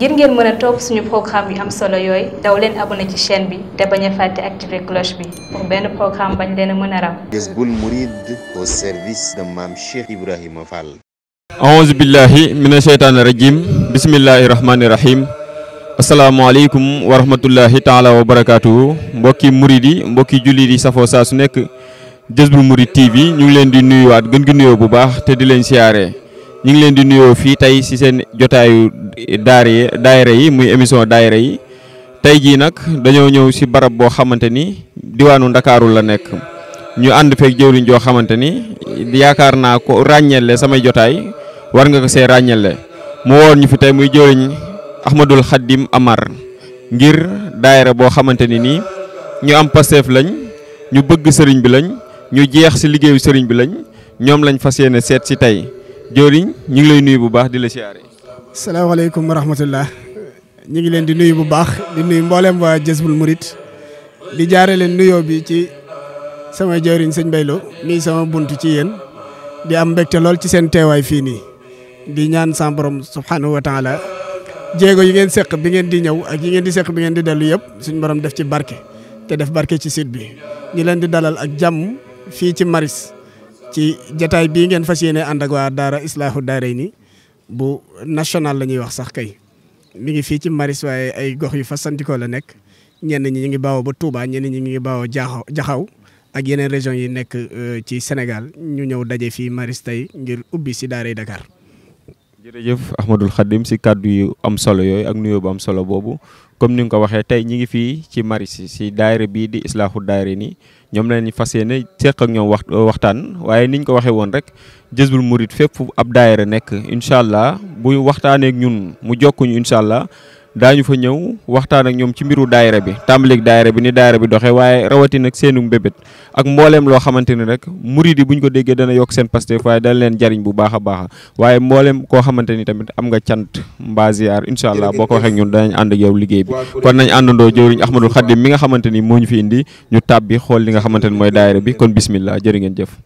ngir ngeen mën a topp suñu programme yu am solo yooyu daw leen abonné ci chaîne bi te bañ a activer cloche bi pour benn programme bañ leen a mën a ram mbokki murid yi safoo saa su nekk Jazboul Mouride TV ñu ngi leen di nuyuwaat gën gi nuyoo bu baax te di leen siyaaree ñu ngi leen di nuyoo fii tey ci seen jotaayu daari daayira yi muy émission daayira yi tey jii nag dañoo ñëw ci barab boo xamante ni diwaanu ndakaaru la nekk ñu ànd feek jëwriñ joo xamante ni yaakaar naa ko ràññele samay jotaay war nga ko see ràññele mu woon ñu fi tey muy jëwriñ Ahmadul Khadim Amar ngir daayira boo xamante ni nii ñu am pasteef lañ ñu bëgg sëriñ bi lañ ñu jeex ci liggéeyu sëriñ bi lañ ñoom lañ fas yéene seet ci tey joriñ nyilai ngi lay nuyu bu baax di la siyaare salaamaaleykum wa rahmatullah ñu ngi leen di nuyu bu baax di nuyu mboolem waa jësbul di jaare len nuyoo bi ci sama jawriñ sëñ baylo mi sama buntu ci di am telol lool ci seen teewaay fii nii di ñaan sam borom subhanahu wa taala jéego yi ngeen seq bi ngeen di ñëw ak yi ngeen di seq bi ngeen di suñ borom def ci barke te def barke ci site bi ñu leen di dalal ak jàmm fii ci maris ci jataay bii ngeen fas yéene ànd ak waa Daara Islaahu Daarayni bu national lañuy wax sax kay mi ngi fii ci Maris waaye ay gox yu fasantikoo la nekk ñenn ñi ñu ngi bawoo ba Touba ñenn ñi ñu ngi bawoo jaaxaw jaxaw ak yeneen région yi nekk euh, ci Sénégal ñu ñëw daje fii Maris tey ngir ubbi si daaray Dakar. jërëjëf Ahmadul Khadim si kàddu yu am solo yooyu ak nuyoo bu am solo boobu comme ni nga ko waxee tey ñi ngi fii ci Maristes si daayira bii di Islaahu Daarayni ñoom la ñu fas yéene seq ak ñoom wax waxtaan waaye ni niñ ko waxee woon rek Jazbul Mouride fépp ab daayira nekk incha allah bu waxtaaneek ñun mu jokkuñu incha allah daañu fa ñëw waxtaan ak ñoom ci mbiru daayira bi tàmbalik daayira bi ni daayira bi doxee waaye rawati nag seenu mbébét ak mbooleem loo xamante ni rek murid yi buñ ko déggee dana yokk seen Pastef waaye dana leen jariñ bu baax a baax waaye mbooleem koo xamante ni tamit am nga cant mbaa ziar incha allah boo ko waxee ak ñun danañ ànd ak liggéey bi kon nañ àndandoo jëwriñ Ahmadul Khadim mi nga xamante ni moo ñu fi indi ñu tàbbi xool li nga xamante ni mooy daayira bi kon bismillah jërë ngeen jëf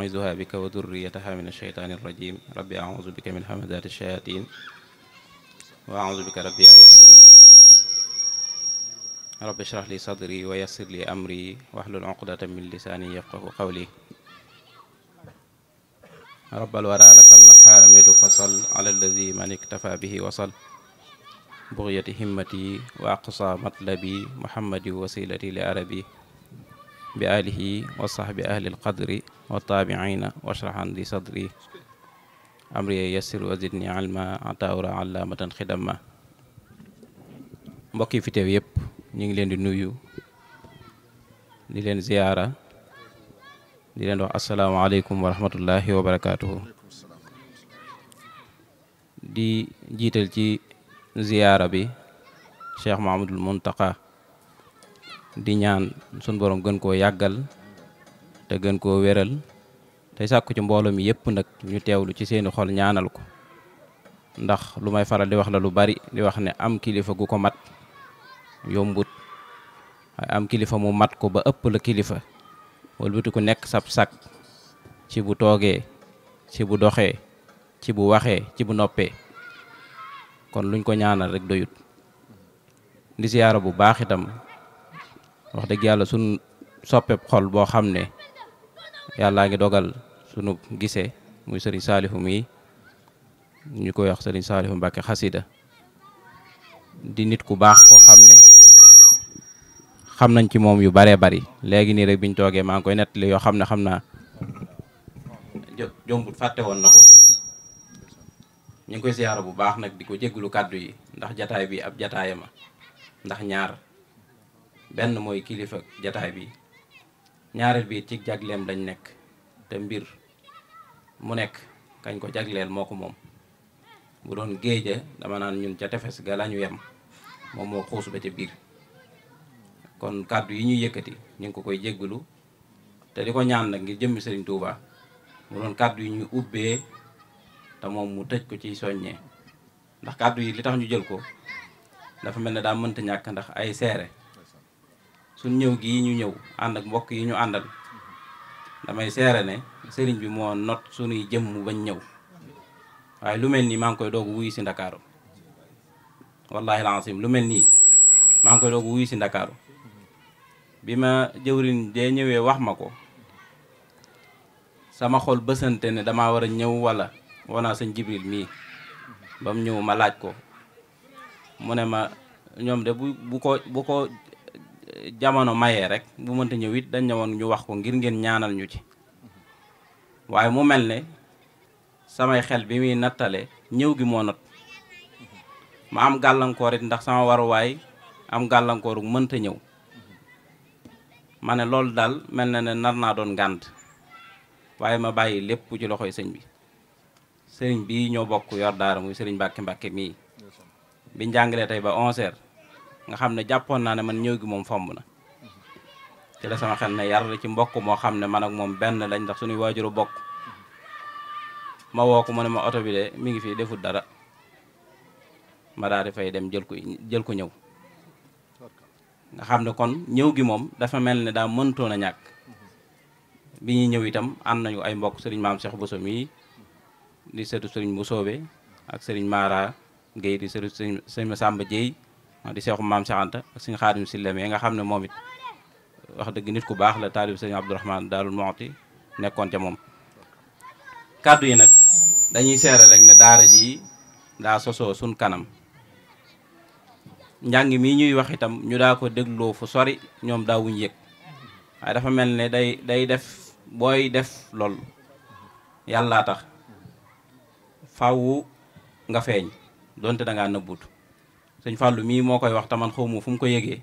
أعوذها بك وذريتها من الشيطان الرجيم ربي أعوذ بك من همزات الشياطين وأعوذ بك ربي أن يحضرون رب اشرح لي صدري ويسر لي أمري واحلل عقدة من لساني يفقه قولي رب الورى لك المحامد فصل على الذي من اكتفى به وصل بغية همتي وأقصى مطلبي محمد وسيلتي لعربي بآله وصحب أهل القدر وطاب عينا واشرح عندي صدري أمري يسر وزدني علما أطاورا علامة خدمة مبكي في تيويب نيجي لين نيو لين زيارة لين السلام عليكم ورحمة الله وبركاته دي جيتل جي زيارة بي شيخ محمد المنتقى di ñaan sun borom te gën koo wéral tey sàkku ci mbooloo mi yëpp nag ñu teewlu ci seeni xol ñaanal ko ndax lu may faral di wax la lu bari di wax ne am kilifa gu ko mat yombut waaye am kilifa mu mat ko ba ëpp la kilifa walbati ku nekk sab sak ci bu toogee ci bu doxee ci bu waxee ci bu noppee kon luñ ko ñaanal rek doyut di siyaara bu baax itam wax dëgg yàlla sun soppeeb xol boo xam ne yàllaa ngi dogal sunu gisee muy sëriñ saalihu mii ñu koy wax sëriñ saalihu mbàkke xasida di nit ku baax koo xam ne xam nañ ci moom yu baree bari léegi nii rek biñ toogee maa ngi koy nettali yoo xam ne xam naa jombut fàtte woon na ko ñu ngi koy siyaara bu baax nag di ko jégglu kàddu yi ndax jataay bi ab jataayama ndax ñaar benn mooy kilifa jataay bi ñaareel bi ci jagleem lañ nekk te mbir mu nekk kañ ko jagleel moo ko moom mu doon géeja dama naan ñun ca tefes ga lañu yem moom moo xuus ba ca biir kon kàddu yi ñuy yëkkati ñu ngi ko koy jéggulu te di ko ñaan nag ngir jëmmi Sëriñ Tuuba mu doon kàddu yi ñuy ubbee te moom mu tëj ko ci soññee ndax kàddu yi li tax ñu jël ko dafa mel ne daa mënta ñàkk ndax ay seere suñ ñëw gii ñu ñëw ànd ak mbokk yi ñu àndal damay seere ne sëriñ bi moo not suñuy jëmm bañ ñëw waaye lu mel nii maa ngi koy doog wuyu si ndakaaru wallahi lu mel nii maa ngi si ndakaaru bi ma jëwrin dee ñëwee wax ma ko sama xol bësante ne damaa war a ñëw wala wanaa sëñ Jibril mii bam ñëw ma laaj ko mu ne ma ñoom de bu bu ko bu ko jamono mayee rek bu mënta ñëw it dañ ñëwoon ñu wax ko ngir ngeen ñaanal ñu ci waaye mu mel ne samay xel bi muy nattale ñëw gi moo not ma am gàllankoor it ndax sama waruwaay am gàllankooru mënta ñëw ma ne loolu daal mel na ne nar naa doon ngànt waaye ma bàyyi lépp ci loxoy sëñ bi sëriñ bii ñoo bokk yor daara muy sëriñ Mbàkke Mbàkke mii bi njàngalee tey ba 11 nga xam ne jàppoon naa ne man ñëw gi moom fomm na ci la sama xel ne yar ci mbokk moo xam ne man ak moom benn lañ ndax suñuy waajuru bokk ma woo ko mu ne ma oto bi de mi ngi fii deful dara ma daal di fay dem jël ko jël ko ñëw nga xam ne kon ñëw gi moom dafa mel ne daa mëntoon a ñàkk bi ñuy ñëw itam ànd nañu ay mbokk sëriñ maam Cheikh Bousso mii di sëtu sëriñ Bousso be ak sëriñ Mara Guèye di sëtu sëriñ sàmba Dieye di seexu maam Seex Anta ak suñu xaadim si lemee nga xam ne moom it wax dëgg nit ku baax la taalib sëñ Abdourahman Daarul Muxti nekkoon ca moom kàddu yi nag dañuy seere rek ne daara ji daa sosoo suñ kanam njàng mii ñuy wax itam ñu daa ko dégloo fu sori ñoom daawuñ yëg waaye dafa mel ne day day def booy def lool yàllaa tax fawu nga feeñ donte da ngaa nëbbutu sëñ fàllu mii moo koy wax taman xaw ma fu mu ko yëgee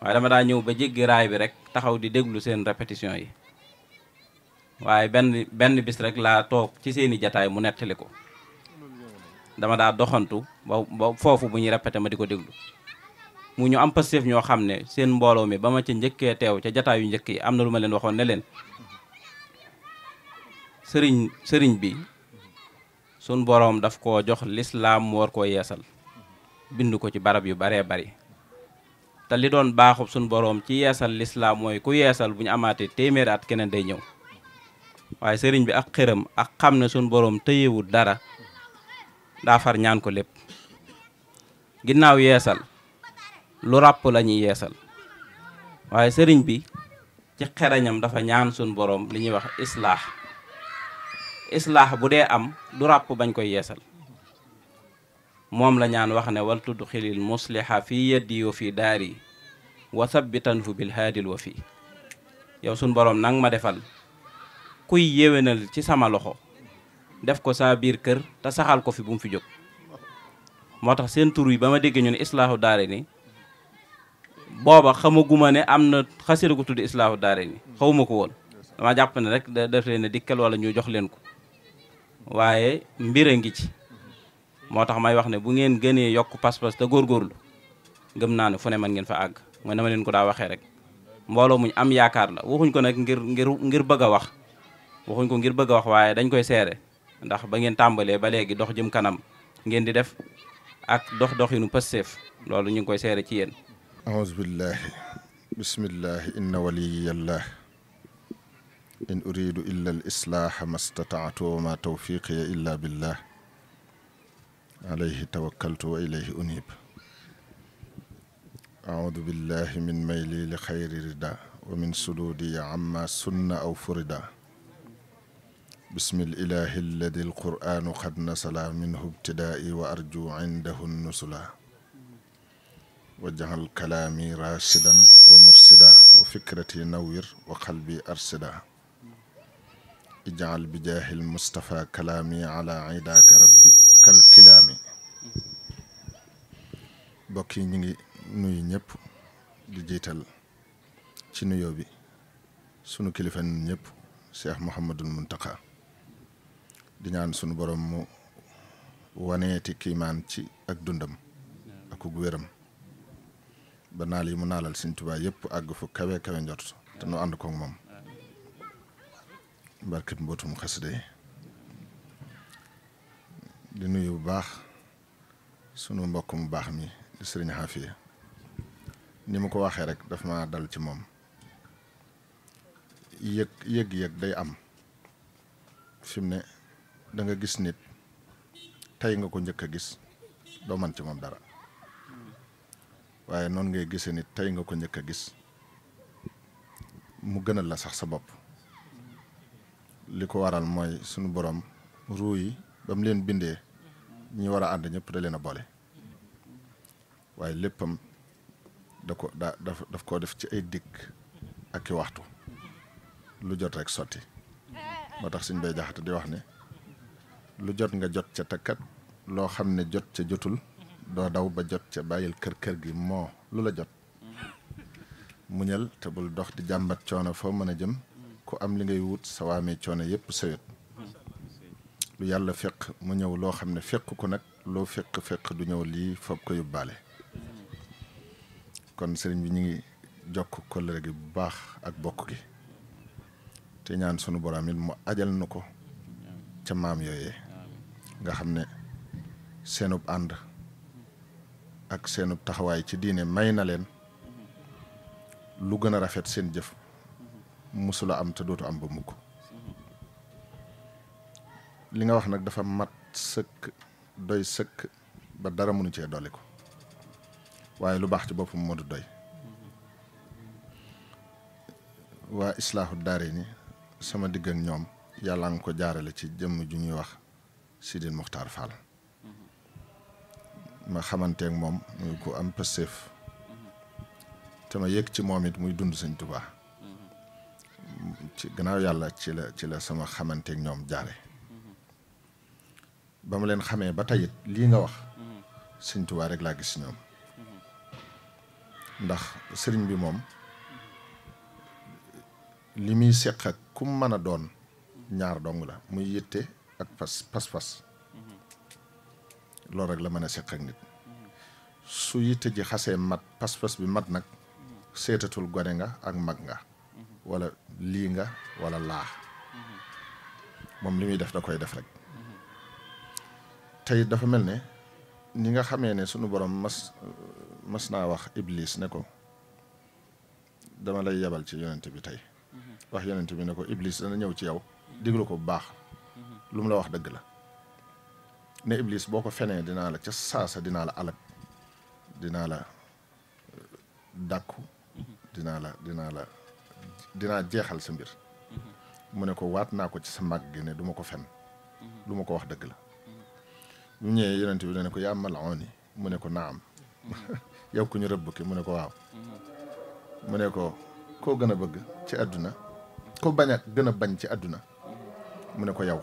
waaye dama daa ñëw ba jéggi raay bi rek taxaw di déglu seen répétition yi waaye benn benn bis rek laa toog ci seeni jataay mu nettali ko dama daa doxantu ba foofu bu ñuy répété ma di ko déglu mu ñu am passif ñoo xam ne seen mbooloo mi ba ma ca njëkkee teew ca jataayu njëkk yi am na lu ma leen waxoon ne leen sëriñ sëriñ bi sun boroom daf koo jox lislaam war koo yeesal bind ko ci barab yu baree bari te li doon baaxub suñu boroom ci yeesal lislaam mooy ku yeesal bu ñu amaatee téeméeri at keneen day ñëw waaye sëriñ bi ak xëram ak xam ne suñu boroom tëyewul dara daa far ñaan ko lépp ginnaaw yeesal lu ràpp la yeesal waaye sëriñ bi ci xerañam dafa ñaan sun boroom li ñuy wax islaax islaax bu dee am du ràpp bañ koy yeesal موم لا نيان واخ نه ول تدخل المصلح في يدي وفي داري وثبتنه بالهادي الوفي يا سون بروم نان ما ديفال كوي ييوينال سي سما لوخو ديف كو سا بير كير تا ساخال كو في بوم في جوك موتاخ سين توروي بما ديغ نيون اصلاح داري ني بابا خماغوما ني امنا خاسيرو كو تودي اصلاح داري ني خاوماكو وون دا جاب ني رك دافلي ني ديكال ولا نيو جوخ لين كو وايي ميرانغي motax may wax ne bu ngeen gëné yok pass pass te góorgóorlu gëm naa ne fu ne mën ngeen fa ag mo na ma leen ko da waxe rek mbolo muñ am yaakar la waxuñ ko nak ngir ngir ngir bëgg wax waxuñ ko ngir bëgg wax waye dañ koy séré ndax ba ngeen tambalé ba légui dox jëm kanam ngeen di def ak dox dox doxinu Pastef loolu ñu ngi koy séré ci yéen a'udhu billahi بسم الله إن ولي الله إن أريد إلا الإصلاح ما استطعت وما توفيقي إلا بالله عليه توكلت وإليه أنيب أعوذ بالله من ميلي لخير ردا ومن سدودي عما سن أو فردا بسم الإله الذي القرآن قد نسلا منه ابتدائي وأرجو عنده النسلا واجعل كلامي راشدا ومرسدا وفكرتي نوير وقلبي أرسدا اجعل بجاه المصطفى كلامي على عداك ربي kal kilaami mbokk yi ñu ngi nuyu ñëpp di jiital ci nuyoo bi sunu kilifa ñun ñëpp Cheikh Mouhamadul Muntaqa di ñaan sunu boroom mu waneeti kiimaan ci ak dundam ak ug wéram ba naal yi mu naalal Sëñ Tuubaa yëpp àgg fu kawe kawe njort te nu ànd koog moom barkit mbootum xasida di nuyu bu baax sunu mbokk mu baax mi di sëriñ Xaafiya ni mu ko waxee rek dafa ma dal ci moom yëg yëg-yëg day am fi mu ne danga gis nit tey nga ko njëkk a gis doo man ci moom dara waaye noonu ngay gisee nit tey nga ko njëkk a gis mu gënal la sax sa bopp li ko waral mooy sunu boroom ruu yi ba leen bindee ñi wara ànd ñëpp da leen a boole waaye léppam da ko da daf koo def ci ay dikk ak i waxtu lu jot rek sotti moo tax suñ bay jaxate di wax ne lu jot nga jot ca takkat loo xam ne jot ca jotul doo daw ba jot ca bàyyil kër kër gi moo lu la jot muñal te bul dox di jàmbat coono foo mën a jëm ku am li ngay wut sa waamee coono yépp sawet lu yàlla feq mu ñëw loo xam ne féq ko nag loo feq feq du ñëw lii foog ko yóbbaale kon sëriñ bi ñu ngi jokk kóllëre gi bu baax ak bokk gi te ñaan sunu borom it mu ajal nu ko ca maam yooyee nga xam ne seenub ànd ak seenub taxawaay ci diine may na leen lu gën a rafet seen jëf musula am te dootu am ba mukk li nga wax nag dafa mat sëkk doy sëkk ba dara mënu cee dolli ko waaye lu baax ci boppam moo doy waa islaahu daare ni sama digg ak ñoom yàlla nga ko jaarale ci jëmm ju ñuy wax Sidil Muxtaar Fall mm-hmm. ma xamanteek moom muy ko am pëstéef mm-hmm. te ma yëg ci moom it muy dund Sëñ Tuubaa mm-hmm. ci gannaaw yàlla ci la ci la sama xamanteek ñoom jaare ba ma leen xamee ba tayit lii nga wax sëñ Tuubaa rek laa gis ñoom ndax sëriñ bi moom li muy seq ak ku mën a doon ñaar dong la muy yitte ak pas pas pas loolu rek la mën a seq nit su yitte ji xasee mat pas pas bi mat nag seetatul gone nga ak mag nga walla lii nga walla laa moom li muy def da koy def rek tey dafa mel ne ni nga xamee ne sunu borom mas mas naa wax iblis ne ko dama lay yebal ci yonent bi tey mhm. wax yonent bi ne ko iblis dana ñëw ci yow mhm. diglu ko bu baax mhm. lu mu la wax dëgg la ne iblis boo ko fenee dinaa la ca saasa dinaa la alag dinaa la euh, dàkku dinaa la dinaa la dinaa jeexal sa mbir mu ne ko waat naa ko ci sa màgg gi ne du ko fen lu ma ko wax dëgg la ñu ñëwee yonent bi ne ko yaa malaoni mu ne ko naam yow ku ñu rëbb ki mu ne ko waaw mu ne ko koo gën a bëgg ci àdduna koo bañ a gën a bañ ci àdduna mu ne ko yow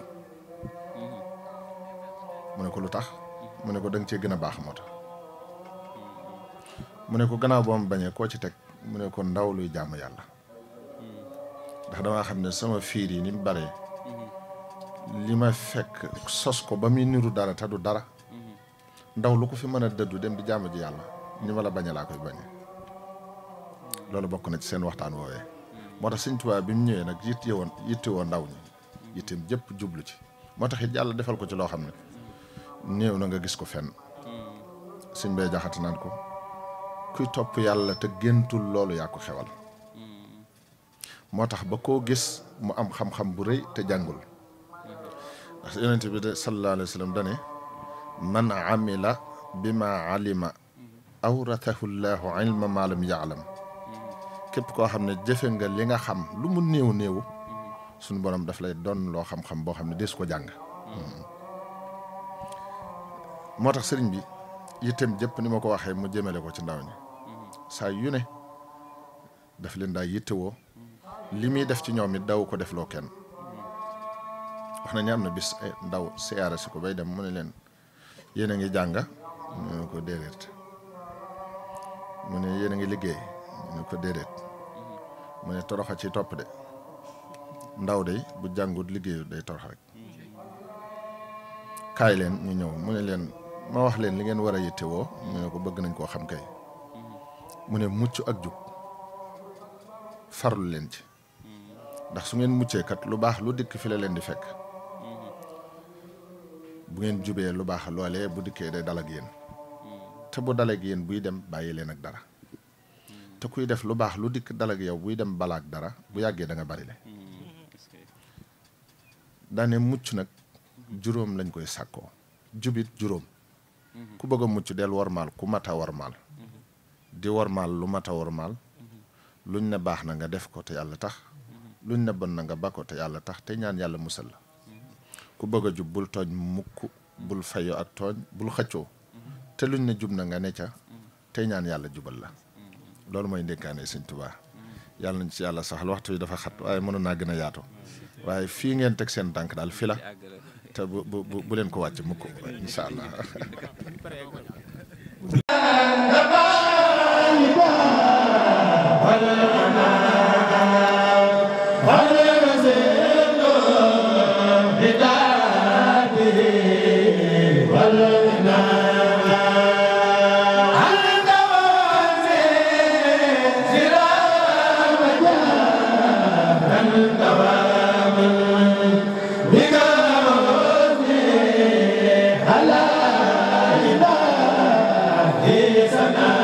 mu ne ko lu tax mu ne ko da nga gën a baax moo tax mu ne ko gannaaw boo ma bañee koo ci teg mu ne ko ndaw luy jàmm yàlla ndax damaa xam ne sama fiir yi ni mu li ma fekk sos ko ba muy niru dara te du dara ndaw lu ko fi mën a dëddu dem di jàmm ji yàlla ñu ma la bañee laa koy bañee loolu bokk na ci seen waxtaan woowee moo tax sëñ Tuubaa bi mu ñëwee nag yitte woon yitte woo ndaw ñi yitteem jëpp jublu ci moo tax it yàlla defal ko ci loo xam ne néew na nga gis ko fenn sëñ bay jaxati naan ko kuy topp yàlla te géntul loolu yaa ko xewal mm. moo tax ba koo gis mu am xam-xam bu rëy te jàngul ndax yonent bi de sallallahu alayhi wa sallam dane man amila bima alima awrathahu llahu ilma ma lam yaalam képp koo xam ne jëfe nga li nga xam lu mu néew néew suñu borom daf lay doon loo xam-xam boo xam ne des ko jàng moo tax sëriñ bi yittem jëpp ni ma ko waxee mu jëmale ko ci ndaw ñi saa yu ne daf leen daa yittewoo li muy def ci ñoom it daw ko defloo kenn wana nyam na bis eh, ndaw siyaara si ko bay dem mu len yene ngi janga ñu ko déedéet mu yene ngi liggéey ñu ko déedéet mu ne toroxa ci topp de ndaw day bu jàngut liggéeyu day torox rek kaay len ñu ñëw mu ne leen ma wax len li ngeen war a yittewoo mu ko bëgg nañ koo xam kay mu ne mucc ak farlu ci ndax su ngeen muccee kat lu bax lu dikk fi la len di fekk bu ngeen jubee lu baax loole bu dikkee day dal yéen te bu dal ak yéen buy dem bàyyi leen ak dara te kuy def lu baax lu dikk dalag ak yow buy dem balaak dara bu yàggee danga nga bari le daane mucc nag juróom lañ koy sàkkoo jubit juróom ku bëgg mucc del warmaal ku mat a warmaal di warmaal lu mat a warmaal luñ ne baax na nga def ko te yàlla tax luñ ne bon na nga ba ko te yàlla tax te ñaan yàlla musal la ku bëgg jub bul tooñ mukk bul fayo ak tooñ bul xëccoo te luñ ne jub na nga ne ca tey ñaan yàlla jubal la loolu mooy ndénkaane sëñ Tuubaa yàlla nañ ci yàlla sax waxtu yi dafa xat waaye mënoon naa gën a yaatu waaye fii ngeen teg seen dànk daal fi la te bu bu leen ko wàcc mukk incha allah Hallelujah. Yes, I know.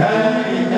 Hey.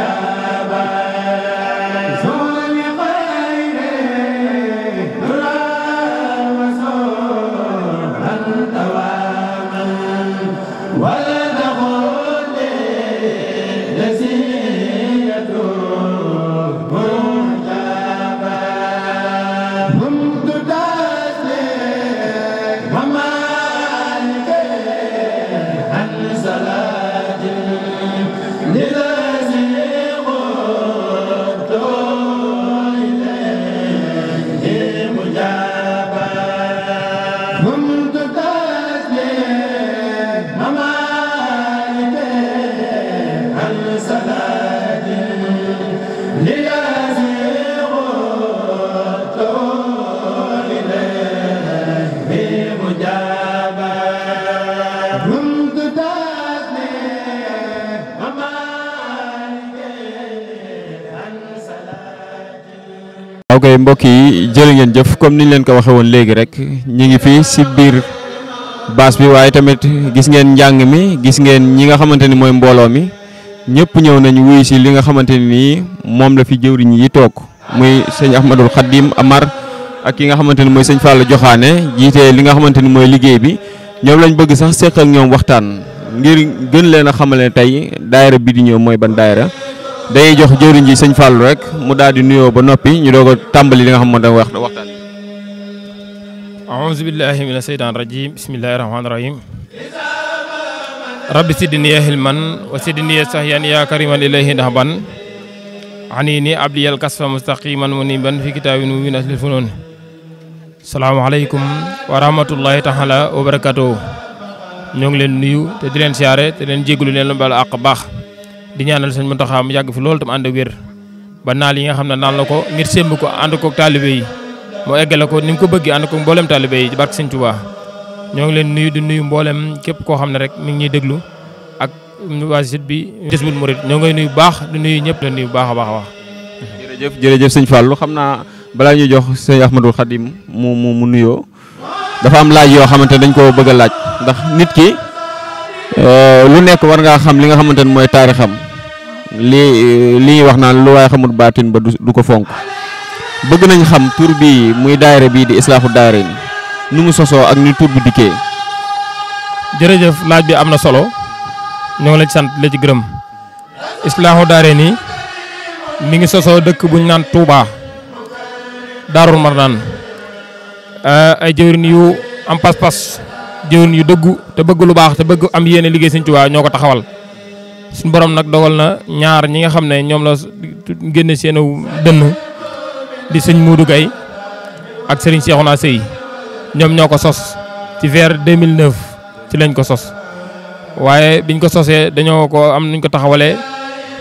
mbokk yi jërë ngeen jëf comme niñ leen ko waxee woon léegi rek ñi ngi fii si biir baas bi waaye tamit gis ngeen njàng mi gis ngeen ñi nga xamante ni mooy mbooloo mi ñëpp ñëw nañu wuy si li nga xamante ni moom la fi jëwriñ yi toog muy sëñ Ahmadul Khadim Amar ak ki nga xamante ni mooy sëñ Fallou Joxaane jiite li nga xamante ni mooy liggéey bi ñoom lañ bëgg sax seq ñoom waxtaan ngir gën leen a xamale tey daayira bi di ñëw mooy ban daayira day jox jeurign ji seigne fallou rek mu di nuyo ba nopi ñu dogo tambali li nga xam wax na waxtan a'udhu billahi minashaitanir rajim bismillahir rahmanir rahim rabbi sidni ya hilman wa sidni ya sahyan ya kariman ilayhi dahban anini abdi kasfa mustaqiman muniban fi kitabin wa lil funun assalamu alaykum wa rahmatullahi ta'ala wa barakatuh ñong leen nuyu te di leen siaré te leen jéggulu leen lu bal ak di ñaanal señ Muntaxa mu yàgg fi loolu tam ànd wër ba naal yi nga xam naal na ngir sémb ko ànd ko talibé yi mo eggale ko nim ko bëgg ànd ko mbolem talibé yi barke señ tuba ñoo ngi leen nuyu di nuyu mbolem képp ko rek mi ngi déglu ak waa bi jëssul murid ñoo ngi nuyu baax di nuyu ñëpp la nuyu baax bah, baax a baax jërëjëf jërëjëf señ fallu xamna bala ñu jox señ ahmadou Khadim mu mu mu nuyo dafa am laaj yo xamante dañ ko bëgg laaj ndax nit ki euh, lu nekk war nga xam li nga moy lii li ñuy wax naan lu waaye xamul baatin ba du ko fonk bëgg nañu xam tur bi muy daayira bii di islaaxu daayira ni nu ngi sosoo ak ni tur bu dikkee jërëjëf laaj bi am na solo ñoo ngi la sant la ci gërëm islaaxu daayira nii mi ngi sosoo dëkk bu ñu naan Touba Daarul Marnaan eh, ay jëwrin yu am pas-pas jëwrin yu dëggu te bëgg lu baax te bëgg am yéene liggéey Sëñ Tuubaa ñoo ko taxawal suñu borom nag dogal na ñaar ñi nga xam ne ñoom la ngénne seen dënn di suñ muudu kay ak sëriñ naa Sey ñoom ñoo ko sos ci vers 2009 ci lañ ko sos waaye biñ ko sosee dañoo ko am nuñ ko taxawalee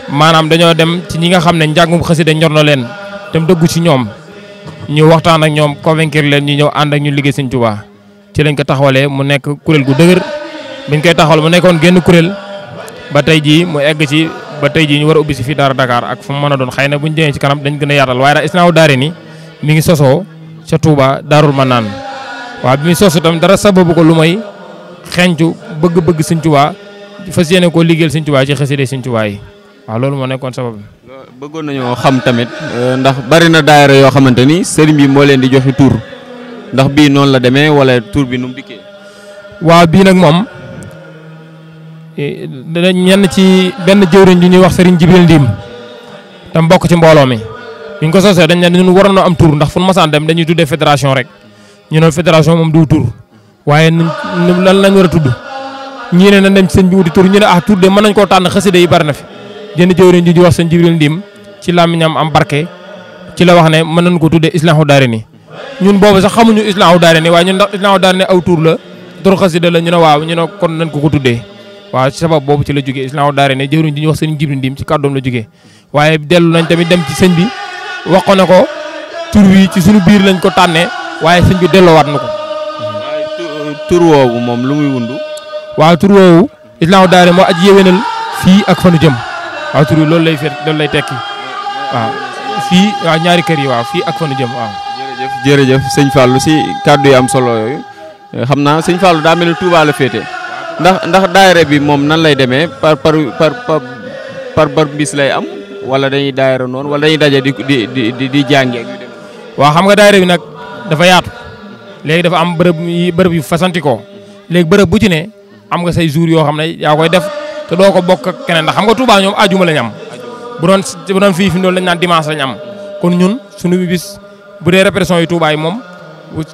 maanaam dañoo dem ci ñi nga xam ne njàngum xasida ñor na leen dem dëggu ci ñoom ñu waxtaan ak ñoom convaincre leen ñu ñëw ànd ak ñu liggéey sëñ Touba ci lañ ko taxawalee mu nekk kuréel gu dëgër biñ koy taxawal mu nekkoon génn kuréel ba tey mu egg ci ba ñu wara ubbi si fi dara Dakar ak fu mëna doon xeyna buñu jëne ci kanam dañu gëna yaral yaatal ra daal Isnahou ni mi ngi soso ci Touba darul manan wa bi mi soso tam dara sababu ko lumay xenju bëgg-bëgg Sëñ Touba fas yéene ko Touba ci Touba yi wa loolu mo nekkon sabab bëggoon xam tamit euh, ndax bari na daayira yo xamanteni ni sëriñ bi mo leen di joxe tour ndax bi non la démé wala tur bi num mu wa bi nak mom Eh, dañ ñenn ci benn jëwriñ ju ñuy wax Serigne Jibril Ndim tam bokk ci mbooloo mi bi ñu ko sosee dañ ne ñun waroon na am tur ndax fu nu masaan dem dañuy tuddee fédération rek ñu ne fédération moom du tur waaye lan lañ war tudd ñii ne nañ dem sëñ bi wuti tur ñu ne ah tur de mën nañ koo tànn xasida yi bari na fi jënd jëwriñ ju ñuy wax sëñ Jibril Ndim ci làmmiñam am barke ci la wax ne mën nañ ko tuddee Islaahu Daarayni ñun boobu sax xamuñu Islaahu Daarayni waaye ñun ndax Islaahu Daarayni aw tur la tur xasida la ñu ne waaw ñu ne kon nañ ko ko tuddee waaw ci sabab boobu ci la jógee islaamu daare ne jëwriñ di ñu wax sëñ Jibril Ndim ci kàddoom la jógee waaye dellu nañ tamit dem ci sëñ bi wax ko na ko tur wi ci suñu biir lañ ko tànnee waaye sëñ bi delloowaat na ko. tur woowu moom lu muy wundu. waa tur woowu islaamu daare moo aj yéwénal fii ak fanu jëm waaw tur wi loolu lay fekk lay tekki waaw fii waaw ñaari kër yi waaw fii ak fanu jëm waaw. jërëjëf jërëjëf sëñ Fallou si kàddu yi am solo xam naa sëñ Fallou daa mel ni Touba ndax ndax daayira bi moom nan lay demee par par par par par bis lay am wala dañuy daayira noonu wala dañuy daje di di di di jàngee. waaw xam nga daayira bi nag dafa yaatu léegi dafa am bërëb yi bërëb yu fasantikoo léegi bërëb bu ci ne am nga say jour yoo xam ne yaa koy def te doo ko bokk keneen ndax xam nga Touba ñoom ajuma lañ am. bu doon bu doon fii fi mu doon lañ naan dimanche lañ am kon ñun sunu suñu bis bu dee répression yi Touba yi moom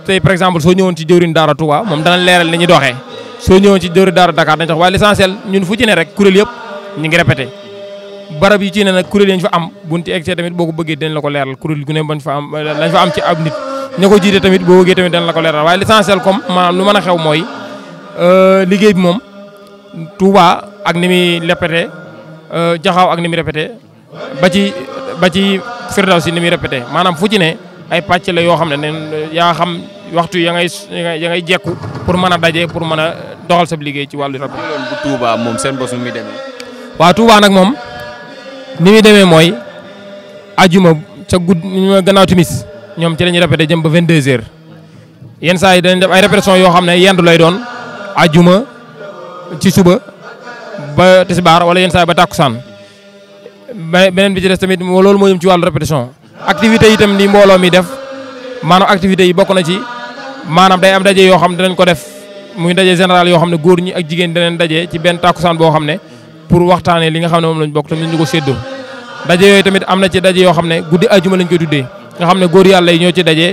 tey par exemple soo ñëwoon ci jëwriñ daara Touba moom dana leeral li ñuy doxee. soo ñëwoon ci dóori daaru Dakar dañ tax waaye l'essentiel ñun fu ci ne rek kuréel yëpp ñu ngi répété barab yi ci ne nag kuréel yi fa am buñ ci egg tamit boo ko bëggee dañ la ko leeral kuréel gu ne bañ fa am lañ fa am ci ab nit ña ko jiite tamit boo bëggee tamit dañ la ko leeral waaye l'essentiel comme maanaam lu mën a xew mooy euh, liggéey bi moom Touba ak ni muy répété euh, Jaxaaw ak ni muy répété ba ci ba ci Firdaws si ni muy répété maanaam fu ci ne ay pàcc la yoo xam ne yaa xam waxtu ya ngay ya ngay jekku pour meuna dajé pour meuna doxal sa liggéey ci wàllu rab. bu Touba mom, sen bos mi démé wa Touba nak mom ni mi démé moy aljuma ca ma gannaaw timis ñom ci lañu répété jëm ba 22h yeen saay dañu def ay répétition yo xamné yendu lay doon aljuma ci suba ba tisbar wala yeen saay ba takusan benen bi ci dess tamit loolu mo jëm ci walu répétition activité yi itam ni mbolo mi def manam activité yi bokku na ci. maanaam day am daje yoo xam ne dinañ ko def muy daje général yoo xam ne góor ñi ak jigéen dinañ daje ci benn tàkkusaan boo xam ne pour waxtaanee li nga xam ne moom lañ bokk tamit ko séddoo daje yooyu tamit na ci daje yoo xam ne guddi ajuma lañ xam ne góor yàlla ñoo ci daje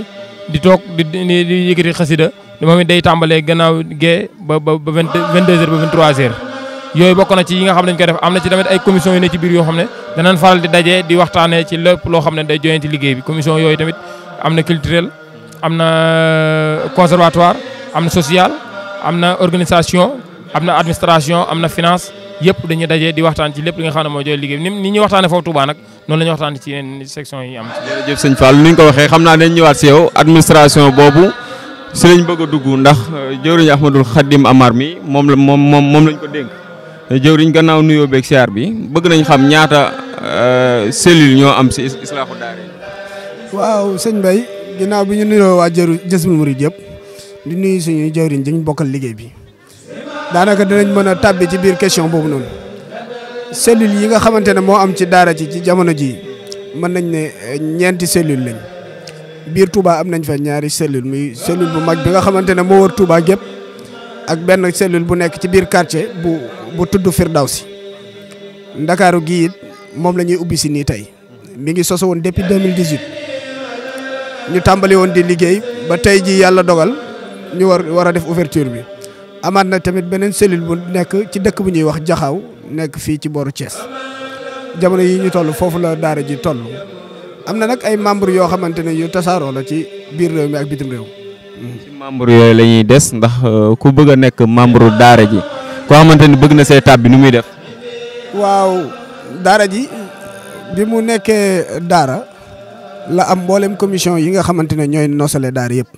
di toog di di yëkkati xasida moom it day tàmbalee gannaaw gee ba ba ba vingt na xam ne dañ koy def am na ci ay commission yu ne ci biir yoo xam ne danañ faral di daje di waxtaanee ci lépp loo xam ne day joyante liggéey bi commission yooyu tamit am na culturel amna euh, conservatoire amna social amna organisation amna administration amna finance yépp dañuy dajé di waxtaan ci lépp li nga xam mo joy jooy liggéey ni ñi waxtaanee foofu Touba nak non lañu ñuy ci yeneen section yi am. jërëjëf sëñ Fall ni nga ko waxee xam naa ñëwaat si yow administration boobu si lañ bëgg dugg ndax euh, jëwriñ Ahmadoul Khadim Amar mi mom mom mom, moom lañ ko dénk. jëwriñ gannaaw nuyo beeg siyaar bi bëgg nañ xam ñaata euh, cellule ñoo am ci islaaxu daara waaw Seigne Bay ginnaaw bi ñu nuyoo waa jëru mu Mouride yëpp di nuyu suñuy jawriñ dañ bokkal liggéey bi daanaka danañ mën a tàbbi ci biir question boobu noonu cellule yi nga xamante ne moo am ci daara ji ci jamono ji mën nañ ne eh, ñeenti cellule lañ biir Touba am nañ fa ñaari cellule muy cellule bu mag bi nga xamante ne moo war Touba gépp ak benn cellule bu nekk ci biir quartier bu bu tudd Firdawsi Ndakaaru gi it moom la ñuy ubbi si nii tey mi ngi soso woon depuis 2018 ñu tàmbali woon di liggéey ba tey ji yàlla dogal ñu war war a def ouverture bi amaat na tamit beneen cellule bu nekk ci dëkk bu ñuy wax jaxaw nekk fii ci booru Thiès jamono yi ñu toll foofu la daara ji toll am na nag ay membres yoo xamante ne yu tasaaroo la ci biir réew mi ak bitim réew. ci membre yooyu la ñuy des ndax euh, ku bëgg a nekk membre daara ji koo xamante ni bëgg na see tab bi nu muy def. waaw daara ji bi mu nekkee daara. la am mboolem commission yi nga xamante ne ñooy nosale daara yëpp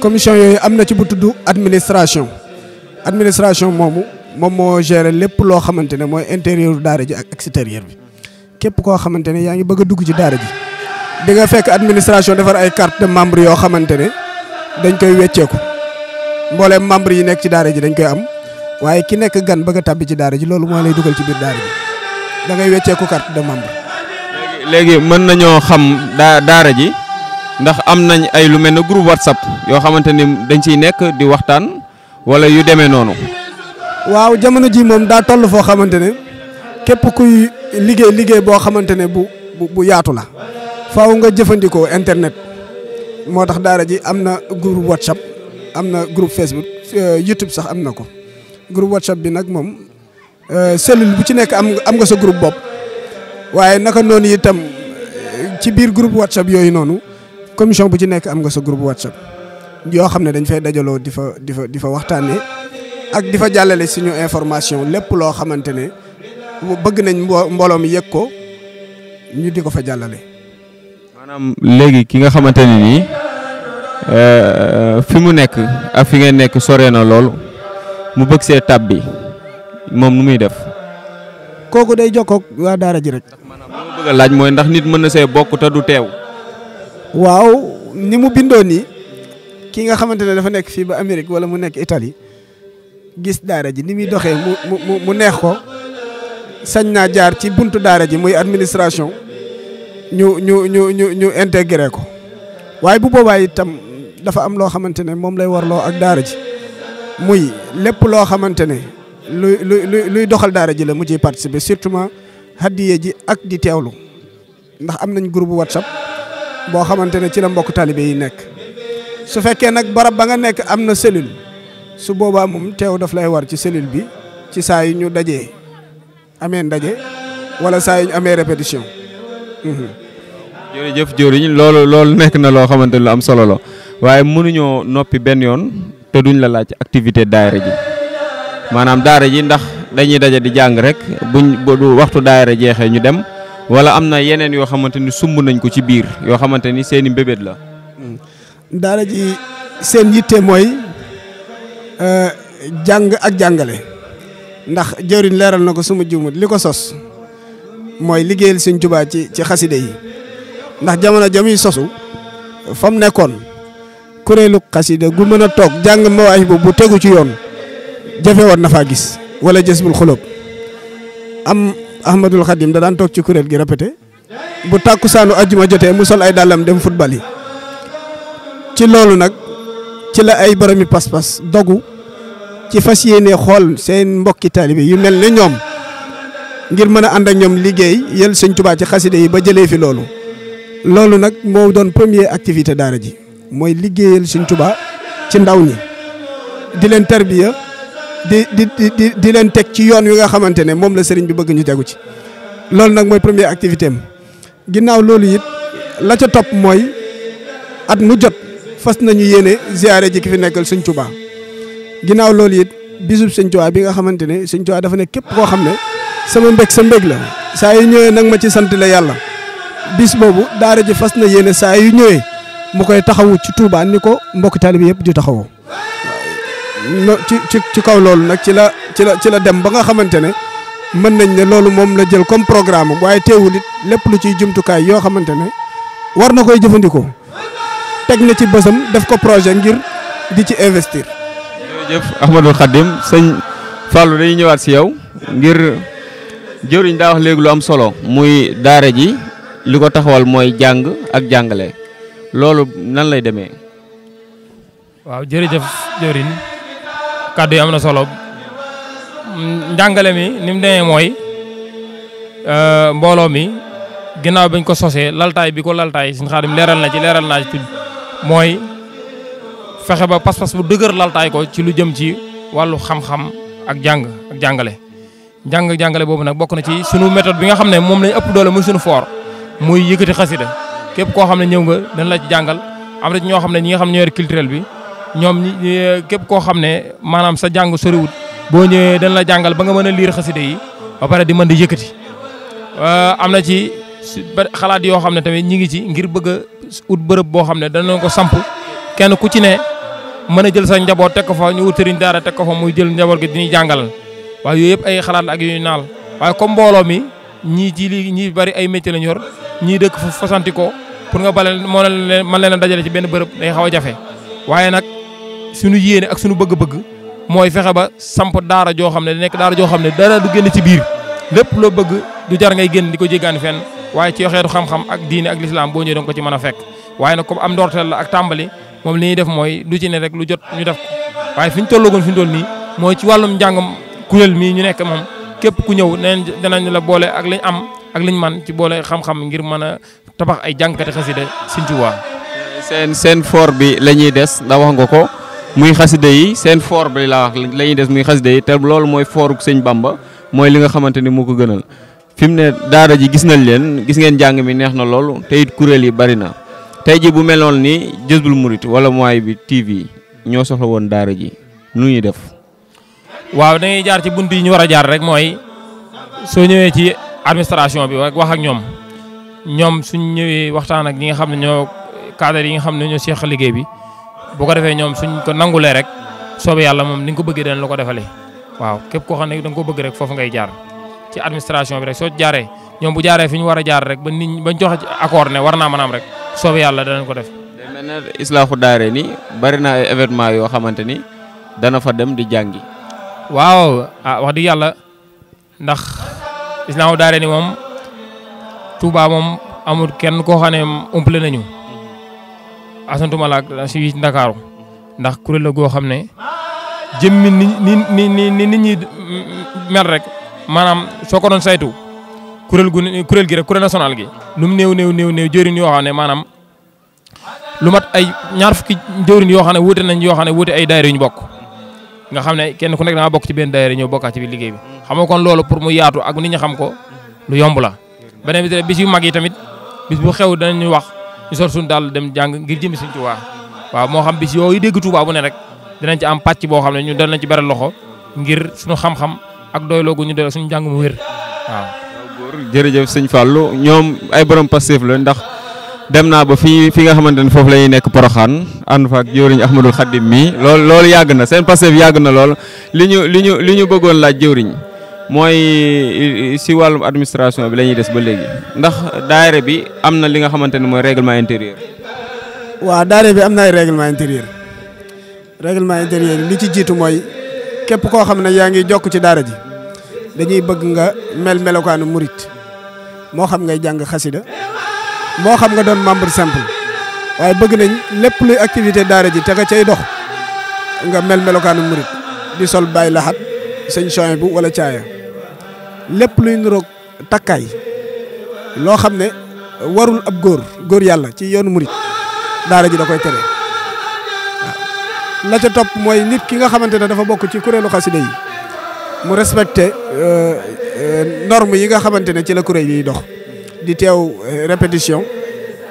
commission yooyu am na ci bu tudd administration administration moomu moom moo gérer lépp loo xamante ne mooy intérieur daara ji ak extérieur bi képp koo xamante ne yaa ngi bëgg a dugg ci daara ji di nga fekk administration defar ay carte de membre yoo xamante ne dañ koy wecceeku mbooleem membre yi nekk ci daara ji dañ koy am waaye ki nekk gan bëgg a tàbbi ci daara ji loolu moo lay dugal ci biir daara da ngay wecceeku carte de membre léegi mën nañoo xam daa daara ji ndax am nañ ay lu mel ne groupe whatsapp yoo xamante ni dañ ciy nekk di waxtaan wala yu demee noonu. waaw jamono ji moom daa toll foo xamante ne képp kuy liggéey liggéey boo xamante ne bu bu yaatu la faaw nga jëfandikoo internet moo tax daara ji am na groupe whatsapp am na groupe facebook euh, youtube sax am na ko groupe whatsapp bi nag moom euh, cellule bu ci nekk am am nga sa groupe bopp. waaye naka noonu itam ci biir groupe whatsapp yooyu noonu commission bu ci nekk am nga sa groupe whatsapp yoo xam ne dañ fay dajaloo di fa di fa di fa waxtaanee ak di fa jàllale suñu information lépp loo xamante ne bëgg nañ mbooloo mi yëg ko ñu di ko fa jàllale. maanaam léegi ki nga xamante ne nii euh, fi mu nekk fi ngeen nekk sore na lool mu bëgg see tab bi moom nu muy def. kooku day jokkoog waa daara ji rek. ma laaj mooy ndax nit mën na see bokk te du teew. ni mu bindoo nii ki nga xamante ne dafa nekk fii ba Amérique wala mu nekk Italie gis daara ji ni muy doxee mu mu mu neex ko sañ naa jaar ci bunt daara ji muy administration ñu ñu ñu ñu ñu intégré ko waaye bu boobaa itam dafa am loo xamante ne moom lay warloo ak daara ji muy lépp loo xamante ne luy luy luy doxal daara ji la mu ciy participer surtout hadiye ji ak di teewlu ndax am nañ groupe whatsapp boo xamante ne ci la mbokk taalibe yi nekk su fekkee nag barab ba nga nekk am na cellule su boobaa moom teew daf lay war ci cellule bi ci saa yu ñu dajee amee ndaje wala saa yu ñu amee répétition. Mhm. jërëjëf jëriñ loolu loolu nekk na loo xamante ne lu am solo la waaye mënuñoo noppi benn yoon te duñ la laaj activité daara ji maanaam daara ji ndax. dañuy daje di jàng rek buñ bu waxtu daayira jeexee ñu dem wala am na yeneen yoo xamante ni sumb nañ ko ci biir yoo xamante ni seen i mbébét la. Hmm. daara ji seen yitte mooy euh, jàng ak jàngale ndax jëriñ leeral na ko suma juumut li ko sos mooy liggéeyal Sëñ ci ci xaside yi ndax jamono jamuy sosu fa mu nekkoon kuréelu xaside gu mën a toog jàng mawaahib bu tegu ci yoon jafe woon na gis. wala jësbul xulóob am Ahmadul Xadim da daan toog ci kuréel gi répété bu tàkkusaanu ajjuma jotee mu sol ay dàllam dem football yi ci loolu nag ci la ay boromi pas-pas dogu ci fas yéene xool seen mbokki taalibe yu mel ni ñoom ngir mën a ànd ak ñoom liggéey yël sëñ Tuubaa ci xaside yi ba jëlee fi loolu loolu nag moo doon premier activité daara ji mooy liggéeyal sëñ Tuubaa ci ndaw ñi di leen tarbiya di di di di leen teg ci yoon wi nga xamante ne moom la sëriñ bi bëgg ñu tegu ci. loolu nag mooy premier activité am ginnaaw loolu it la ca topp mooy at mu jot fas nañu yéene ziare ji ki fi nekkal sëñ Tuubaa ginnaaw loolu it bisub sëñ Tuubaa bi nga xamante ne sëñ Tuubaa dafa ne képp koo xam ne sama mbég sa mbég la saa yu ñëwee nag ma ci sant la yàlla bis boobu daara ji fas na yéene saa yu ñëwee mu koy taxawu ci Tuubaa ni ko mbokk taalibe yëpp di taxawoo. ci ci ci kaw loolu nag ci la ci la ci la dem ba nga xamante ne mën nañ ne loolu moom la jël comme programme waaye teewul lépp lu ciy jumtukaay yoo xamante ne war na koy jëfandikoo teg na ci bësam def ko projet ngir di ci investir. jërëjëf Ahmadou Khadim sëñ Fallou dañuy ñëwaat si yow ngir jëriñ daa wax léegi lu am solo muy daara ji li ko taxawal mooy jàng ak jàngale loolu nan lay demee. waaw jërëjëf kàddu am na solo njàngale mi ni mu dee mooy euh, mbooloo mi ginnaaw bi ko sosee laltaay bi ko laltaay suñu xaadim leeral na ci leeral naa ci mooy fexe ba pas-pas bu dëgër laltaay ko ci lu jëm ci wàllu xam-xam ak jàng ak jàngale. jàng jàngale boobu nag bokk na ci sunu méthode bi nga xam ne moom lañ ëpp doole muy sunu foor muy yëkkati xasida képp koo xam ne ñëw nga dañ la jàngal am na ñoo xam ne ñi nga xam ne ñoo yor culturel bi. ñoom ñi képp koo xam ne maanaam sa jàng soriwut boo ñëwee dañ la jàngal ba nga mën a liir xaside yi ba pare di mën di yëkkati euh, am na ci xalaat yoo xam ne tamit ñi ngi ci ngir bëgg a ut bërëb boo xam ne danañ ko samp kenn ku ci ne mën a jël sa njaboot teg ko fa ñu wut sëriñ daara teg ko fa muy jël njaboot gi di diñuy jàngalal waaye yooyu yëpp ay xalaat ak yu naal waaye comme mbooloo mi ñii ci lii ñii bari ay métier lañ yor ñii dëkk fa fasanti pour nga bale moo leen mën leen a dajale ci benn bërëb day xaw jafe sunu yéene ak sunu bëgg-bëgg mooy fexe ba samp daara joo xam ne nekk daara joo xam ne dara du génn ci biir lépp loo bëgg du jar ngay génn di ko jéggaani fen waaye ci xeetu xam-xam ak diine ak lislaam boo ñëwee ko ci mën a fekk waaye nag comme am ndorteel la ak tàmbali moom li ñuy def mooy lu ci rek lu jot ñu def ko fi ñu tolloogoon fi ñu toll nii mooy ci wàllum njàngam kuréel mii ñu nekk moom képp ku ñëw neen danañ la boole ak liñ am ak liñ man ci boole xam-xam ngir mën a tabax ay jàngkati xasida Sëñ Tuubaa seen seen for bi la ñuy des ndax wax nga ko muy xasida yi seen foor bi laa wax la ñuy des muy xasida yi te loolu mooy foruk sëñ Bamba mooy li nga xamante ni moo ko gënal fi mu ne daara ji gis nañ leen gis ngeen jàng mi neex na loolu te kuréel yi bari na tey ji bu meloon ni Jazboul Mouride wala mooy bi TV ñoo soxla woon daara ji lu ñuy def. waaw dañuy jaar ci bunt yi ñu war a jaar rek mooy soo ñëwee ci administration bi wax ak ñoom ñoom suñ ñëwee waxtaan ak ñi nga xam ne ñoo cadre yi nga xam ne ñoo seq liggéey bi. bu ko defee ñoom suñ ko nangulee rek soobu yàlla moom ni nga ko bëggee dana la ko defalee waaw képp koo xam ne da nga ko bëgg rek foofu ngay jaar ci administration bi rek soo jaaree ñoom bu jaaree fi ñu war a jaar rek ba nit ñi bañ joxe accord ne war naa mën a rek soobu yàlla danañ ko def. day mel ne islaaxu daare ni bari na événement yoo xamante ni dana fa dem di jàngi. waaw ah wax di yàlla ndax islaaxu daaree ni moom Touba moom amul kenn koo xam ne nañu. asantuma laak si Ndakaaru ndax kuréel la goo xam ne jëmmi ni ni ni ni nit ñi mel rek maanaam soo ko doon saytu kuréel gu kuréel gi rek kuréel national gi. lu mu néew néew néew néew jëriñ yoo xam ne maanaam lu mat ay ñaar fukki jëriñ yoo xam ne wuute nañ yoo xam ne ay daayira yu ñu bokk. nga xam ne kenn ku nekk danga bokk ci benn daayira ñëw bokkaat ci bi liggéey bi. xam nga kon loolu pour mu yaatu ak ni ñi xam ko lu yomb la. beneen bi bis yu tamit bis bu xew danañu wax. isor sun dal dem jang ngir jëm Sëriñ touba wa mo xam bis yoy dégg touba bu ne rek dinañ ci am patch bo xamne ñu dal nañ ci beral loxo ngir suñu xam-xam ak doylo gu ñu dal suñu jang mu wér waaw. góor jërëjëf sëñ fallu ñom ay borom passif la ndax dem na ba fii fi nga xamantene fofu lañuy nek poroxan nekk fa ak jeurign Ahmadul Khadim mi lool lool yag na seen passif yag na lool liñu liñu liñu bëggoon laaj jeurign mooy euh, si wàllum administration bi la ñuy des ba léegi ndax daare bi am na li nga xamante ne mooy règlement intérieur. waaw daayira bi am na ay règlement intérieur règlement intérieur li ci jiitu mooy képp koo xam ne yaa ngi jokk ci daara ji dañuy bëgg nga mel melokaanu murit moo xam ngay jàng xasida moo xam nga doon membre simple waaye bëgg nañ lépp luy activité daara ji te nga cay dox nga mel melokaanu murit di sol bàyyi laxat sëñ bu wala caaya lépp luy niroog takkaay loo xam ne warul ab góor góor yàlla ci yoonu murit daara ji da koy tere waaw la ca topp mooy nit ki nga xamante ne dafa bokk ci kuréelu xasida yi mu respecté euh, norme yi nga xamante ne ci la kuréel yiy dox di teew euh, répétition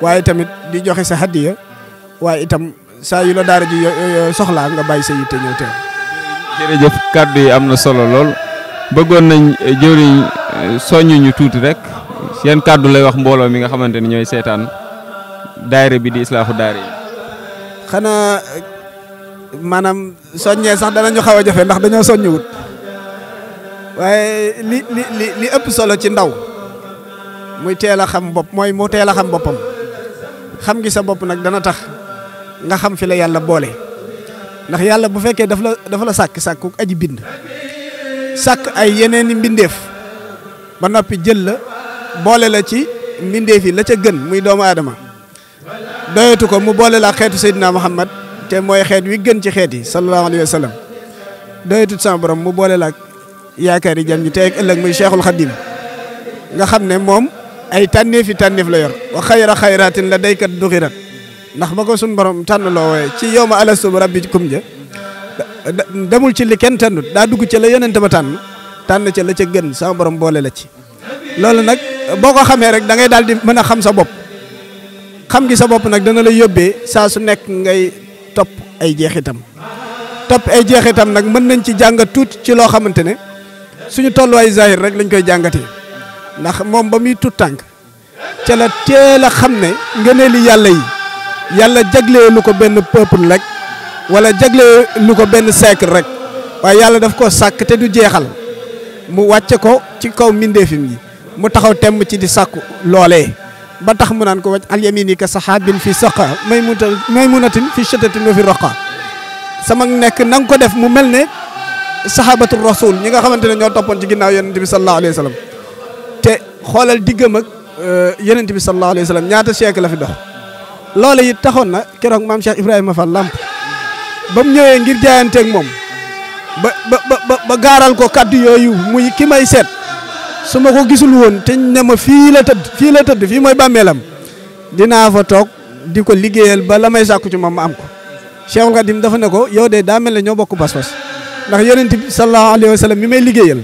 waaye tamit di joxe sa hadiya waaye itam saa yi la daara ji soxlaa nga bàyyi sa yitte ñëw teew jërëjëf kàddu yi am na solo lool bëggoon nañ eh, jëwriñ eh, soññu tuuti rek seen kàddu lay wax mbooloo mi nga xamante ni ñooy seetaan daayira bi di islaaxu daayira yi. xanaa maanaam soññee sax danañu xaw a jafe ndax dañoo soññiwut waaye li li ëpp solo ci ndaw muy teel a xam bopp mooy mu teel a xam boppam xam gi sa bopp nag dana tax nga xam fi la yàlla boole ndax yàlla bu fekkee daf la dafa la sàkk sàkku aji bind. sak ay yenen mbindef ba nopi jël la bolé la ci mbindeef yi la ca gën muy doomu adama dayatu ko mu bolé la xeetu sayyidina Muhammad te moy xeet wi gën ci xeet yi sallallahu alayhi wasallam dayatu sa borom mu bolé la ak yaakaar yi jam ñi té ak ëlëk muy Cheikhul Khadim nga xamné mom ay tànneef yi tànneef la yor wa khayra khayratin ladayka daykat ndax ba sun borom tan lo wooye ci yawma ma alastu rabbikum ja demul ci li kenn tànnut daa dugg ci la yonent ba tànn tànn ci la ca gën sama borom boole la ci loolu nag boo ko xamee rek da ngay daal di mën a xam sa bopp xam gi sa bopp nag dana la yóbbee saa su nekk ngay topp ay jeexitam topp ay jeexitam nag mën nañ ci jàngat tuuti ci loo xamante ne suñu tolluwaay zahir rek lañ koy jàngatee ndax moom ba muy tuut tànk ca la teel a xam ne ngëneeli yàlla yi yàlla jagleelu ko benn peuple rek wala jagle lu ko benn siècle rek waaye yàlla def koo sàkk te du jeexal mu wàcce ko ci kaw mbindeefam yi mu taxaw temm ci di sàkku loolee ba tax mu naan ko wàcc al yamini ka saxaabin fi saqa a maymunatin fi shatatin wa fi raqa sama nekk na ko def mu mel ne saxaabatul rasul ñi nga xamante ne ñoo toppoon ci ginnaaw yonent bi sallallahu alayhi wa te xoolal diggam ak euh, yonent bi sallallahu alayhi wa sallam ñaata siècle la fi dox loole it taxoon ba mu ñëwee ngir jaayanteeg moom ba ba ba ba gaaral ko kaddu yooyu muy ki may seet su ma ko gisul woon te ne ma fii la tëdd fii la tëdd fii mooy bàmmeelam dinaa fa toog di ko liggéeyal ba la may sàkku ci ma am ko Cheikhul Khadim dafa ne ko yow de daa mel ne ñoo bokk bas-bas ndax yeneen bi sallallahu alayhi wa sallam mi may liggéeyal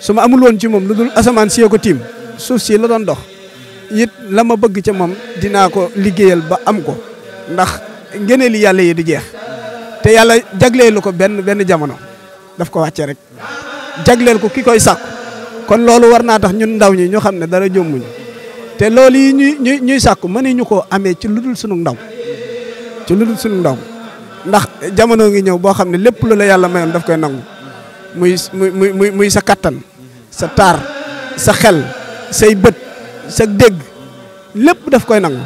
su ma amul woon ci moom lu dul asamaan si ko tiim suuf si la doon dox it la ma bëgg ca moom dinaa ko liggéeyal ba am ko ndax ngëneeli yàlla yi di jeex te yàlla jagleelu ko benn benn jamono daf ko wàcce rek jagleel ko ki koy sàkku kon loolu war naa tax ñun ndaw ñi ñu xam ne dara jommuñu te loolu yi ñuy ñuy ñuy sàkku mënuñu koo amee ci lu dul sunu ndaw ci lu ndaw ndax jamono ngi ñëw boo xam ne lépp lu la yàlla mayoon daf koy nangu muy muy muy muy sa kattan sa taar sa xel say bët sa dégg lépp daf koy nangu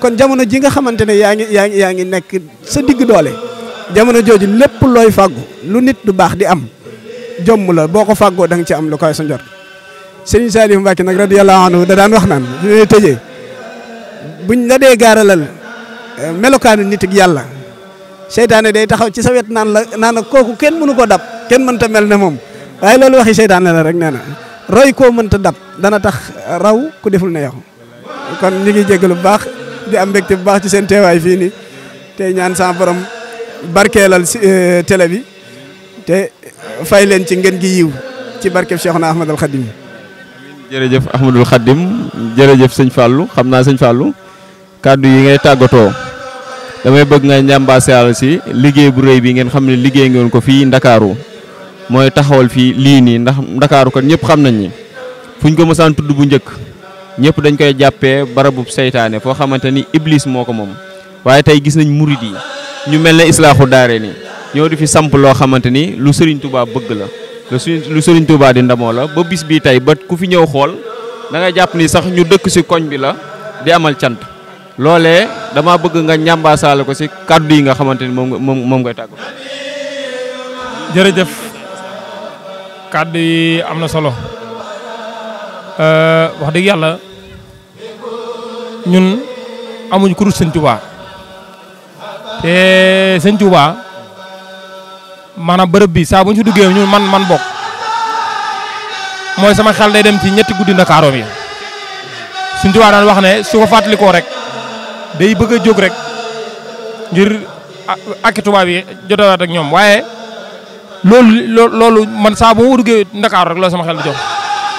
kon jamono ji nga xamante ne yaa ngi yaa ngi yaa ngi nekk sa digg doole. jamono jooju lépp looy fàggu lu nit du baax di am jomm la boo ko fàggoo da nga ci am lu koy sa njort Serigne Saliou Mbacke nag radiyallahu anhu da daan wax naan li lay tëjee buñ la dee gaaralal eh, melokaanu nit ak yàlla seytaane day taxaw ci sa wet naan la naan la kooku kenn mënu ko dab kenn mënta mel ne moom waaye loolu waxi seytaane la rek nee na roy koo mënta dab dana tax raw ku deful na yow kon ñu ngi bu baax di am mbégte bu baax ci seen teewaay fii nii tey ñaan saa borom. barkeelal eh, télé bi te fay len ci ngeen gi yiw ci barkeb Cheikhna Ahmadul Khadim jërëjëf Ahmadul Khadim jere sëñ Fallou xam naa sëñ Fallou kàddu yi ngay tagoto damay bëgg nga njàmbaase yàlla ci liggéey bu reuy bi ngeen xamni ne liggéey ngeen ko fi Ndakaaru moy taxawal fi li ni ndax Ndakaaru kat ñepp xamnañ ni fuñ ko mësaan tuddu bu ñëk ñepp dañ koy jappé barabub seytaane fo xamanteni iblis moko mom waye tay gis nañ mouride ñu melni islahu daare ni ñoo di fi samp lo xamanteni ni lu serigne Touba bëgg la lu serigne Touba di ndamo la ba bis bi tay ba ku fi ñew xol da nga japp ni sax ñu dëkk ci koñ bi la di amal cant lolé dama bëgg nga ñambaasaale ko ci kaddu yi nga xamanteni mom mom moom ngay jere jërëjëf kaddu yi amna solo euh wax deug yalla ñun amuñ ku ru serigne Touba te sëñ Touba bërëb bi saa bu ñu duggee ñun man man bokk mooy sama xel day dem ci ñetti guddi ndakaaroom yi sëñ daan wax ne su ko fàttalikoo rek day bëgg a jóg rek ngir ak tubaab yi jotawaat ak ñoom waaye loolu loolu man saa bu ma duggee rek loolu sama xel di jox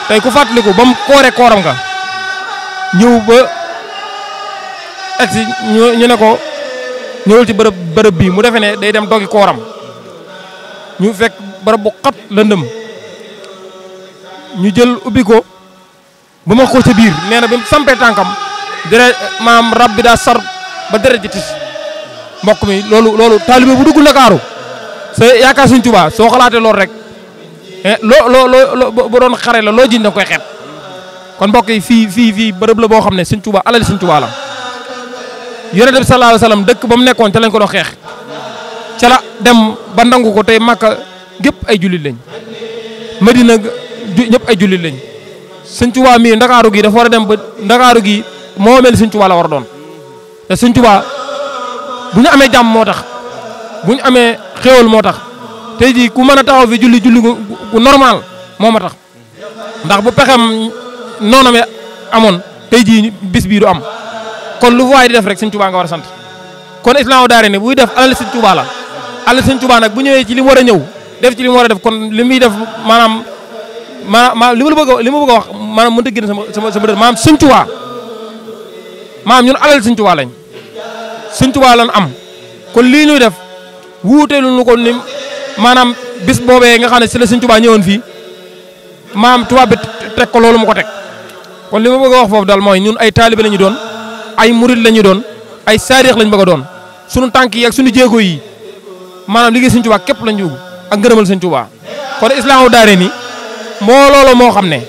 tey ku fàttaliku ba mu kooree kooram nga ñëw ba egsi ñu ko. ñëwul ci bërëb bërëb bii mu defee ne day dem dogi kooram ñu fekk bërëb bu xat lëndëm ñu jël ubbiko ko ba ma xoo biir nee na ba mu sampee tànkam dere maam rab bi daa sar ba dere ji mbokk mi loolu loolu taalibe bu dugg Ndakaaru sa yaakaar Sëñ Tuubaa soo xalaatee loolu rek eh, loo loo loo bu doon xare la loo jiñ da koy xeeb kon mbokk yi fii fii fii bërëb la boo xam ne Sëñ Tuubaa alal Sëñ Tuubaa la yonent bi sallallahu wa sallam dëkk ba mu nekkoon ca lañ ko doon xeex ca dem ba ndangu ko tey màkka gépp ay jullit lañ madina ñëpp ay jullit lañ sëñ Tuubaa mii ndakaaru gi dafa war a dem ba ndakaaru gi moo mel sëñ la war a doon te sëñ bu ñu amee jàmm moo tax bu ñu amee xéewal moo tax tey jii ku mën a taxaw fi julli julli gu normal moom ma tax ndax bu pexem nooname amoon tey jii bis bii am kon lu waay di def rek sëñ Tuubaa nga war sant kon Islaahou Daarayni buy def alal sëñ Tuubaa la alal sëñ Tuubaa nag bu ñëwee ci li war a ñëw def ci li mu war a def kon li muy def maanaam maanaam li ma la a li ma bëgg a wax maanaam sama sama sama dër maanaam sëñ Tuubaa maanaam ñun alal sëñ Tuubaa lañ sëñ am kon lii ñuy def wuuteelu ñu ko ni maanaam bis boobee nga xam ne si la sëñ Tuubaa ñëwoon fii maam tubaab bi teg ko loolu mu ko teg kon li ma bëgg a wax foofu daal mooy ñun ay taalibe la ñu doon ay mourid lañu doon ay saarix lañu bëgg doon suñu tanki ak suñu jéego yi manam liggéey sëñ Tuubaa képp lañu yóbbu ak ngërëmal sëñ Tuubaa kon islamu daare ni mo lolo mo xamné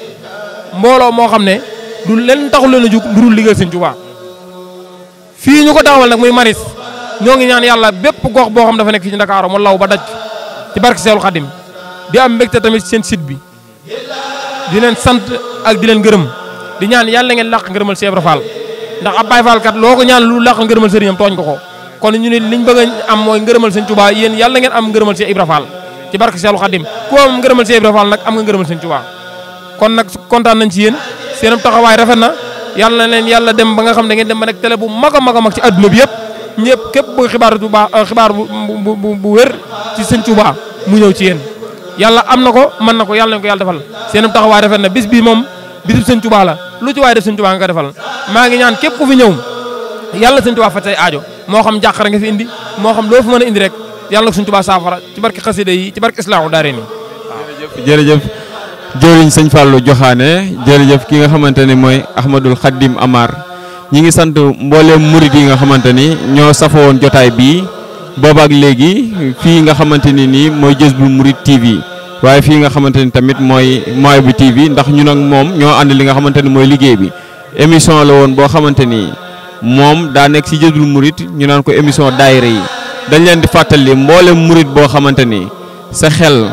mo lolo mo xamné du len taxul lañu dul liggéey fi ñuko taxawal nak muy maris ñoo ngi ñaan yalla bépp gox bo xam dafa nek fii ci Ndakaaru mo law ba daj ci barke seul khadim di am mbekté tamit seen site bi di len sant ak di len ngeureum di ñaan yalla ngeen laq ngeureumal Cheikh rafal ndax ab Baay kat loko ñaan lu làq ngeureumal serigne togn ko ko kon ñu ni liñ bëgg am moy ngeureumal serigne touba yeen yalla ngeen am ngeureumal Cheikh Ibra Fall ci barke Seexul khadim ko am ngeureumal Cheikh Ibra Fall nak am nga ngeureumal serigne touba kon nak contane nañ ci yeen seenum taxaway rafet na yàlla leen dem ba nga xam da ngeen dem ba nekk télé bu mag a mak ci aduna bi yëpp ñëpp kep bu xibaar bu euh, xibaar bu bu wër ci serigne touba mu ñew ci yeen yalla am nako ko nako yalla ko yàlla ko yàlla defal seenum taxaway rafet na bis bi mom bisub seigne touba la lu ci way def seigne touba nga defal ma ngi ñaan kep ku fi ñew yalla seigne touba faj aajo mo xam jaxara nga fi indi mo xam lo fu meuna indi rek yalla seigne touba safara ci barke khasside yi ci barke islaamu daare nii waaw jërëjëf jëriñ ki nga xamanteni moy Ahmadul Khadim Amar ñi ngi sant murid yi nga xamanteni ño ñoo safoon jotay bi bobak legi fi nga xamanteni ni moy Mouride TV waye fi nga xamanteni tamit tamit moy bi TV ndax ñun ak mom ñoo ànd li nga xamanteni moy liggey bi émission la won bo xamanteni mom da nek ci si mourid ñu nan ko émission daayira yi dañ leen di fatali mbolé murit bo xamanteni sa xel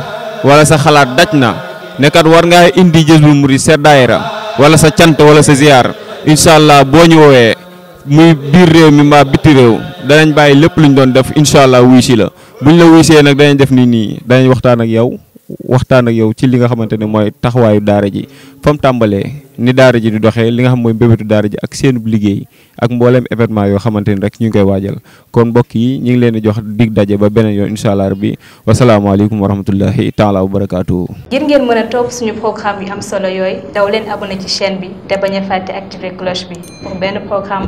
wala sa xalaat dajna ne kat war nga indi Jazboul mourid sa daayira wala sa tiant wala sa ziar inshallah bo ñu wowe muy bir rew mi mbaa bitti réew danañ bayyi lepp luñ doon def nini, wuy ci la buñ la wuy def ni waxtaan ak yow waxtaan ak yow ci li nga xamante ne mooy taxawaayu daara ji fa tàmbalee ni daara ji di doxee li nga xam mooy mbébétu daara ji ak seenub liggéey ak mbooleem événement yoo xamante ni rek ñu ngi koy waajal kon mbokk yi ñu ngi leen di jox dig daje ba beneen yoon incha allah rabbi wasalaamaaleykum wa rahmatullahi taala wa barakaatu. ngir ngeen mën a topp suñu programme yu am solo yooyu daw leen abonné ci chaîne bi te bañ a activer cloche bi pour benn programme